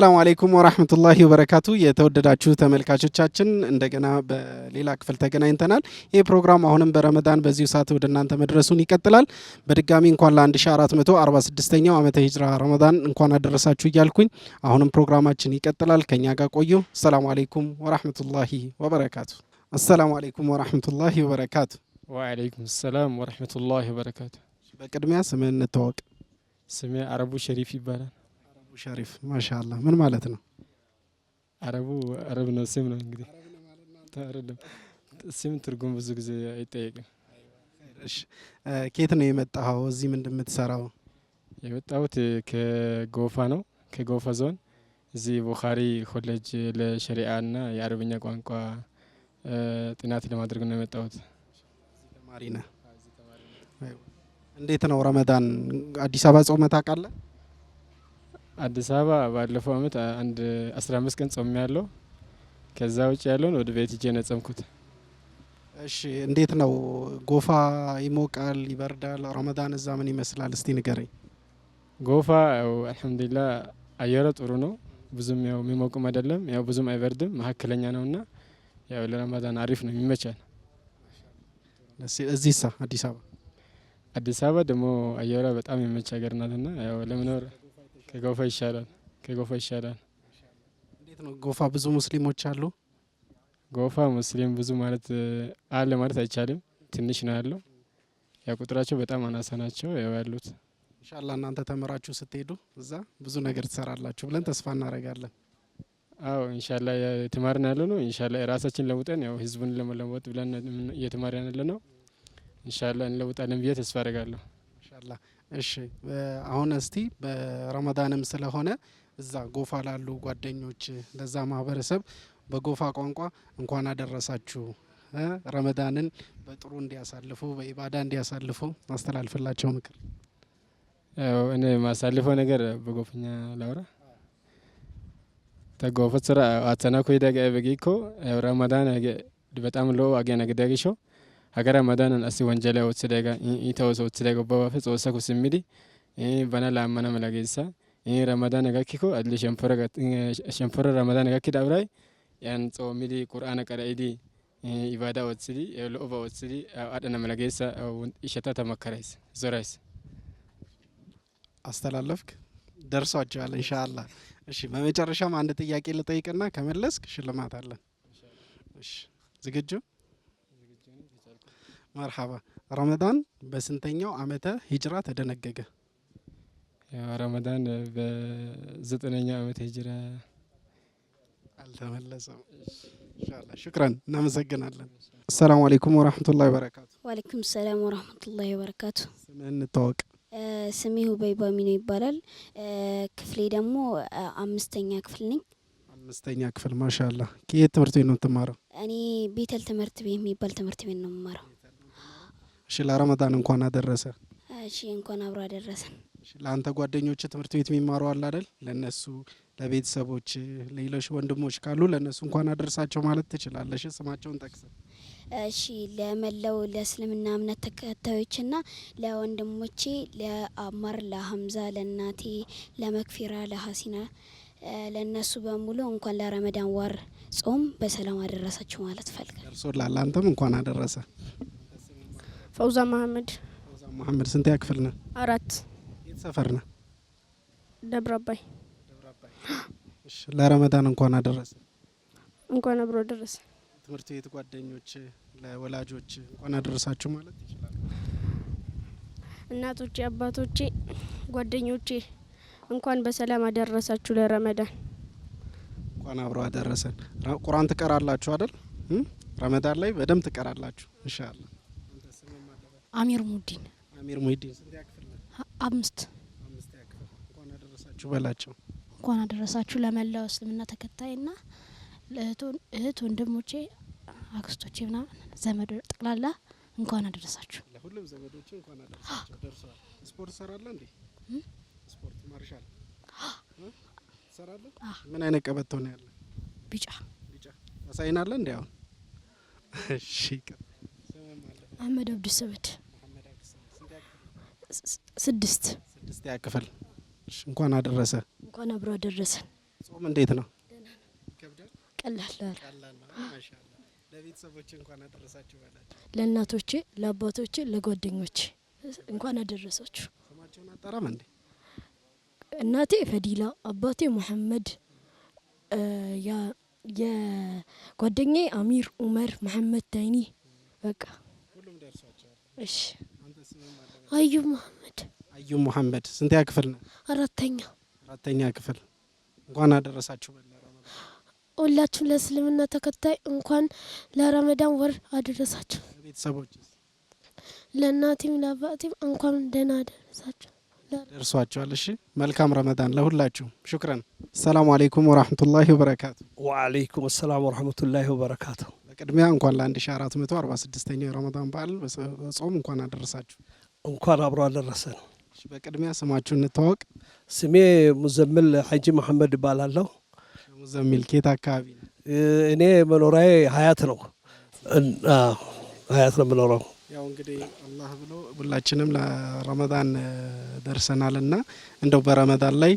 ሰላም አሌይኩም ወራህመቱላሂ ወበረካቱ። የተወደዳችሁ ተመልካቾቻችን እንደገና በሌላ ክፍል ተገናኝተናል። ይህ ፕሮግራም አሁንም በረመዳን በዚሁ ሰዓት ወደ እናንተ መድረሱን ይቀጥላል። በድጋሚ እንኳን ለ1446ኛው ዓመተ ሂጅራ ረመዳን እንኳን አደረሳችሁ እያልኩኝ አሁንም ፕሮግራማችን ይቀጥላል። ከኛ ጋር ቆዩ። ሰላም አሌይኩም ወራህመቱላሂ ወበረካቱ። አሰላሙ አሌይኩም ወራህመቱላሂ ወበረካቱ። ወአለይኩም ሰላም ወራህመቱላሂ ወበረካቱ። በቅድሚያ ስምህ እንተዋወቅ። ስሜ አረቡ ሸሪፍ ይባላል። ሸሪፍ ማሻአላህ ምን ማለት ነው? አረቡ አረብ ነው፣ ስም ነው እንግዲህ አይደለም። ስም ትርጉም ብዙ ጊዜ አይጠየቅም። ኬት ነው የመጣኸው? እዚህም እንደምትሰራው የመጣሁት ከጎፋ ነው፣ ከጎፋ ዞን እዚህ ቡኻሪ ኮሌጅ ለሸሪአና የአረብኛ ቋንቋ ጥናት ለማድረግ ነው የመጣሁት። ተማሪ ነህ? እንዴት ነው ረመዳን አዲስ አበባ ጾመህ ታውቃለህ? አዲስ አበባ ባለፈው አመት አንድ አምስት ቀን ጾም ያለው ከዛ ውጭ ያለውን ወደ ቤት እጄ ነጸምኩት። እሺ እንዴት ነው ጎፋ? ይሞቃል፣ ይበርዳል? ረመዳን እዛ ምን ይመስላል? እስቲ ንገረኝ። ጎፋ ያው አልሐምዱሊላ አየረ ጥሩ ነው። ብዙም ያው የሚሞቅም አይደለም፣ ያው ብዙም አይበርድም፣ መካከለኛ ነውና ያው ለረመዳን አሪፍ ነው፣ የሚመቻል። እዚህ ሳ አዲስ አበባ አዲስ አበባ ደግሞ አየራ በጣም የሚመች ሀገር ናትና ያው ለምኖር ከጎፋ ይሻላል። ከጎፋ ይሻላል። እንዴት ነው ጎፋ ብዙ ሙስሊሞች አሉ? ጎፋ ሙስሊም ብዙ ማለት አለ ማለት አይቻልም። ትንሽ ነው ያለው። ያ ቁጥራቸው በጣም አናሳ ናቸው ያው ያሉት። እንሻላ እናንተ ተምራችሁ ስትሄዱ እዛ ብዙ ነገር ትሰራላችሁ ብለን ተስፋ እናደርጋለን። አዎ እንሻላ የተማርን ያለ ነው። እንሻላ የራሳችን ለውጠን ያው ህዝቡን ለመለወጥ ብለን እየተማርን ያለ ነው። እንሻላ እንለውጣለን ብዬ ተስፋ አደርጋለሁ። እንሻላ እሺ አሁን እስቲ በረመዳንም ስለሆነ እዛ ጎፋ ላሉ ጓደኞች ለዛ ማህበረሰብ በጎፋ ቋንቋ እንኳን አደረሳችሁ ረመዳንን በጥሩ እንዲያሳልፉ በኢባዳ እንዲያሳልፉ ማስተላልፍላቸው ምክር። እኔ ማሳልፈው ነገር በጎፍኛ ላውራ ተጎፈት ስራ አተናኮ ደጋ በጌኮ ረመዳን በጣም ሎ አገነግደግሾ hagara madaanan asi wanjala otsidaga i ta'us otsidaga ubbabaafe xoossa ku simmidi bana laammana mala geessa ramadaana gakkiko adli shanfora ramadaana gakki dabray yan xoomidi qur'aana qara'idi ibaadaa ootsidi lo'oba ootsidi adhana mala geessa ishatata makarais zorais አስተላለፍክ ደርሷቸዋል። እንሻአላ እሺ። በመጨረሻም አንድ ጥያቄ ልጠይቅና ከመለስክ ሽልማት አለን። እሺ፣ ዝግጁ መርሐባ። ረመዳን በስንተኛው አመተ ሂጅራ ተደነገገ? ረመዳን በዘጠነኛ ዓመተ ሂጅራ። አልተመለሰም። ኢንሻላ ሽክረን፣ እናመሰግናለን። አሰላሙ አሌይኩም ወረህመቱላሂ ወበረካቱ። ዋሌይኩም ሰላም ወረህመቱላሂ ወበረካቱ። ስምህን እንታወቅ። ስሜ ሁበይ ባሚኖ ይባላል። ክፍሌ ደግሞ አምስተኛ ክፍል ነኝ። አምስተኛ ክፍል ማሻላ። ከየት ትምህርት ቤት ነው የምትማረው? እኔ ቤተል ትምህርት ቤት የሚባል ትምህርት ቤት ነው የምማረው። እሺ ለረመዳን እንኳን አደረሰ። እሺ እንኳን አብሮ አደረሰን። ለአንተ ጓደኞች ትምህርት ቤት የሚማሩ አለ አይደል? ለነሱ ለቤተሰቦች፣ ሌሎች ወንድሞች ካሉ ለነሱ እንኳን አደርሳቸው ማለት ትችላለሽ። ስማቸውን ጠቅሰ። እሺ ለመላው ለእስልምና እምነት ተከታዮችና ለወንድሞቼ ለአማር፣ ለሀምዛ፣ ለእናቴ፣ ለመክፊራ፣ ለሀሲና ለእነሱ በሙሉ እንኳን ለረመዳን ወር ጾም በሰላም አደረሳችሁ ማለት ፈልጋል። እርሶ እንኳን አደረሰ። ፈውዛ መሀመድ። ፈውዛ መሀመድ ስንት ያክፍል ነ? አራት የት ሰፈር ነ? ደብረ አባይ። ለረመዳን እንኳን አደረሰ። እንኳን አብሮ ደረሰ። ትምህርት ቤት ጓደኞች፣ ለወላጆች እንኳን አደረሳችሁ ማለት ይችላል። እናቶቼ፣ አባቶቼ፣ ጓደኞቼ እንኳን በሰላም አደረሳችሁ ለረመዳን። እንኳን አብሮ አደረሰን። ቁርአን ትቀራላችሁ አይደል? ረመዳን ላይ በደንብ ትቀራላችሁ ኢንሻአላህ። አሚር ሙዲን አሚር ሙዲን አምስት አምስት ያክፍል። እንኳን አደረሳችሁ በላቸው። እንኳን አደረሳችሁ ለመላው እስልምና ተከታይና እህት ወንድሞቼ፣ አክስቶቼ ምናምን ዘመዶ ጠቅላላ እንኳን አደረሳችሁ። ለሁሉም ዘመዶቼ እንኳን አደረሳችሁ። ደርሷል። ስፖርት ሰራለ እንዴ? ስፖርት ማርሻል ሰራለ። ምን አይነት ቀበቶ ነው ያለ? ቢጫ ቢጫ። ታሳይናለ እንዴ? አሁን እሺ። አህመድ አብዱሰመድ ስድስት ስድስት ያክፍል። እንኳን አደረሰ። እንኳን አብሮ አደረሰን። ጾም እንዴት ነው? ቀላል ለቤተሰቦቼ እንኳን አደረሳችሁ ለእናቶቼ፣ ለአባቶቼ፣ ለጓደኞቼ እንኳን አደረሳችሁ። ስማቸውን አጠራም እንዴ? እናቴ ፈዲላ፣ አባቴ መሐመድ፣ የጓደኛዬ አሚር፣ ኡመር፣ መሐመድ፣ ታይኒ በቃ ሁሉም ደርሷቸዋል። እሺ አዩ መሐመድ። አዩ መሀመድ ስንተኛ ክፍል ነው? አራተኛ አራተኛ ክፍል። እንኳን አደረሳችሁ ሁላችሁም ለእስልምና ተከታይ እንኳን ለረመዳን ወር አደረሳችሁ። ቤተሰቦች ለእናቴም ለአባቴም እንኳን ደህና አደረሳችሁ ደርሷቸዋል። እሺ መልካም ረመዳን ለሁላችሁ። ሹክረን። ሰላሙ አሌይኩም ወራህመቱላሂ ወበረካቱ። ወአለይኩም አሰላም ወራህመቱላሂ ወበረካቱ። በቅድሚያ እንኳን ለአንድ ሺ አራት መቶ አርባ ስድስተኛው የረመዳን በዓል በጾም እንኳን አደረሳችሁ። እንኳን አብሮ አደረሰን። በቅድሚያ ስማችሁ እንታወቅ። ስሜ ሙዘሚል ሐጂ መሐመድ እባላለሁ። ሙዘሚል ኬት አካባቢ? እኔ መኖሪያዬ ሀያት ነው፣ ሀያት ነው የምኖረው። ያው እንግዲህ አላህ ብሎ ሁላችንም ለረመዳን ደርሰናል እና እንደው በረመዳን ላይ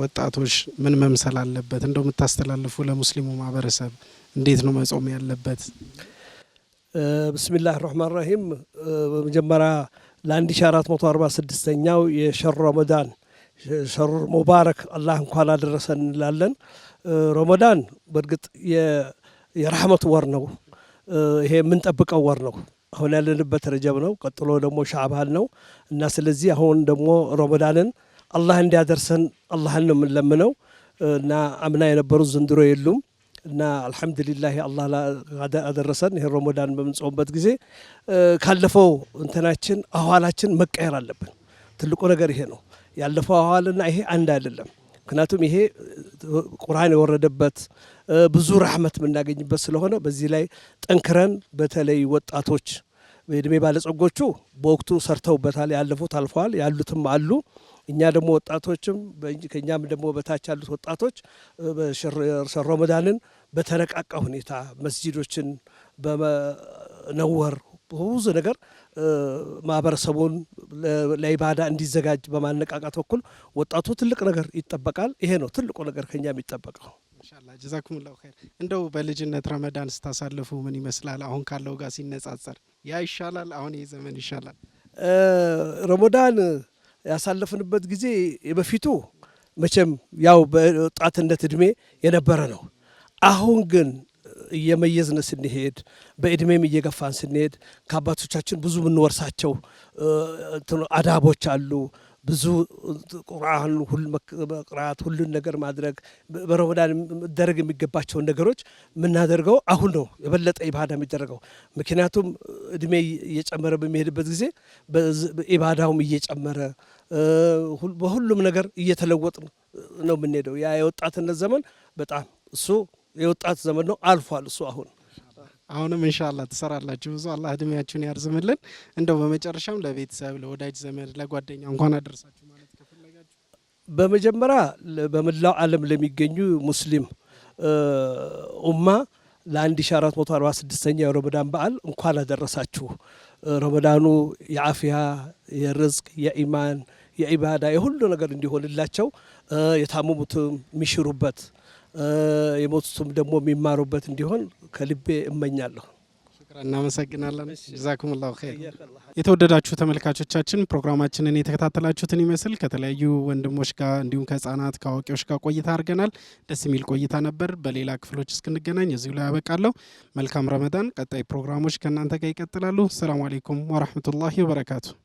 ወጣቶች ምን መምሰል አለበት? እንደው የምታስተላልፉ ለሙስሊሙ ማህበረሰብ እንዴት ነው መጾም ያለበት? ብስሚላህ ራህማን ራሂም በመጀመሪያ ለ1446ኛው የሸሩ ረመዳን ሸር ሙባረክ አላህ እንኳን አደረሰን እንላለን። ረመዳን በእርግጥ የረሕመት ወር ነው። ይሄ የምንጠብቀው ወር ነው። አሁን ያለንበት ረጀብ ነው። ቀጥሎ ደግሞ ሻዕባን ነው እና ስለዚህ አሁን ደግሞ ረመዳንን አላህ እንዲያደርሰን አላህን ነው የምንለምነው እና አምና የነበሩት ዘንድሮ የሉም። እና አልሐምዱሊላህ አላህ አደረሰን። ይህን ረመዳን በምንጾምበት ጊዜ ካለፈው እንትናችን አኋላችን መቀየር አለብን። ትልቁ ነገር ይሄ ነው። ያለፈው አኋልና ይሄ አንድ አይደለም። ምክንያቱም ይሄ ቁርአን የወረደበት ብዙ ረሕመት የምናገኝበት ስለሆነ በዚህ ላይ ጠንክረን በተለይ ወጣቶች የእድሜ ባለጸጎቹ በወቅቱ ሰርተውበታል። ያለፉት አልፈዋል፣ ያሉትም አሉ። እኛ ደግሞ ወጣቶችም ከእኛም ደግሞ በታች ያሉት ወጣቶች ረመዳንን በተነቃቃ ሁኔታ መስጂዶችን በመነወር ብዙ ነገር ማህበረሰቡን ለኢባዳ እንዲዘጋጅ በማነቃቃት በኩል ወጣቱ ትልቅ ነገር ይጠበቃል። ይሄ ነው ትልቁ ነገር ከኛ የሚጠበቀው። ኢንሻአላህ ጀዛኩሙላሁ ኸይር። እንደው በልጅነት ረመዳን ስታሳልፉ ምን ይመስላል? አሁን ካለው ጋር ሲነጻጸር ያ ይሻላል? አሁን ይህ ዘመን ይሻላል? ረመዳን ያሳለፍንበት ጊዜ የበፊቱ መቼም ያው በወጣትነት እድሜ የነበረ ነው። አሁን ግን እየመየዝን ስንሄድ በእድሜም እየገፋን ስንሄድ ከአባቶቻችን ብዙ የምንወርሳቸው አዳቦች አሉ። ብዙ ቁርአን መቅራት፣ ሁሉን ነገር ማድረግ፣ በረመዳን መደረግ የሚገባቸውን ነገሮች የምናደርገው አሁን ነው የበለጠ ኢባዳ የሚደረገው። ምክንያቱም እድሜ እየጨመረ በሚሄድበት ጊዜ ኢባዳውም እየጨመረ በሁሉም ነገር እየተለወጥ ነው የምንሄደው። ያ የወጣትነት ዘመን በጣም እሱ የወጣት ዘመን ነው፣ አልፏል እሱ አሁን አሁንም እንሻላ ትሰራላችሁ። ብዙ አላህ እድሜያችሁን ያርዝምልን። እንደው በመጨረሻም ለቤተሰብ ለወዳጅ ዘመድ ለጓደኛ እንኳን አደረሳችሁ ማለት ከፈለጋችሁ በመጀመሪያ በመላው ዓለም ለሚገኙ ሙስሊም ኡማ ለ1446ኛ የረመዳን በዓል እንኳን አደረሳችሁ። ረመዳኑ የአፍያ የርዝቅ የኢማን የኢባዳ የሁሉ ነገር እንዲሆንላቸው የታመሙትም የሚሽሩበት የሞቱትም ደግሞ የሚማሩበት እንዲሆን ከልቤ እመኛለሁ። እናመሰግናለን። ጀዛኩሙላሁ ኸይር። የተወደዳችሁ ተመልካቾቻችን ፕሮግራማችንን የተከታተላችሁትን ይመስል ከተለያዩ ወንድሞች ጋር እንዲሁም ከህጻናት ከአዋቂዎች ጋር ቆይታ አድርገናል። ደስ የሚል ቆይታ ነበር። በሌላ ክፍሎች እስክንገናኝ እዚሁ ላይ ያበቃለሁ። መልካም ረመዳን። ቀጣይ ፕሮግራሞች ከእናንተ ጋር ይቀጥላሉ። ሰላሙ አሌይኩም ወረህመቱላሂ ወበረካቱ።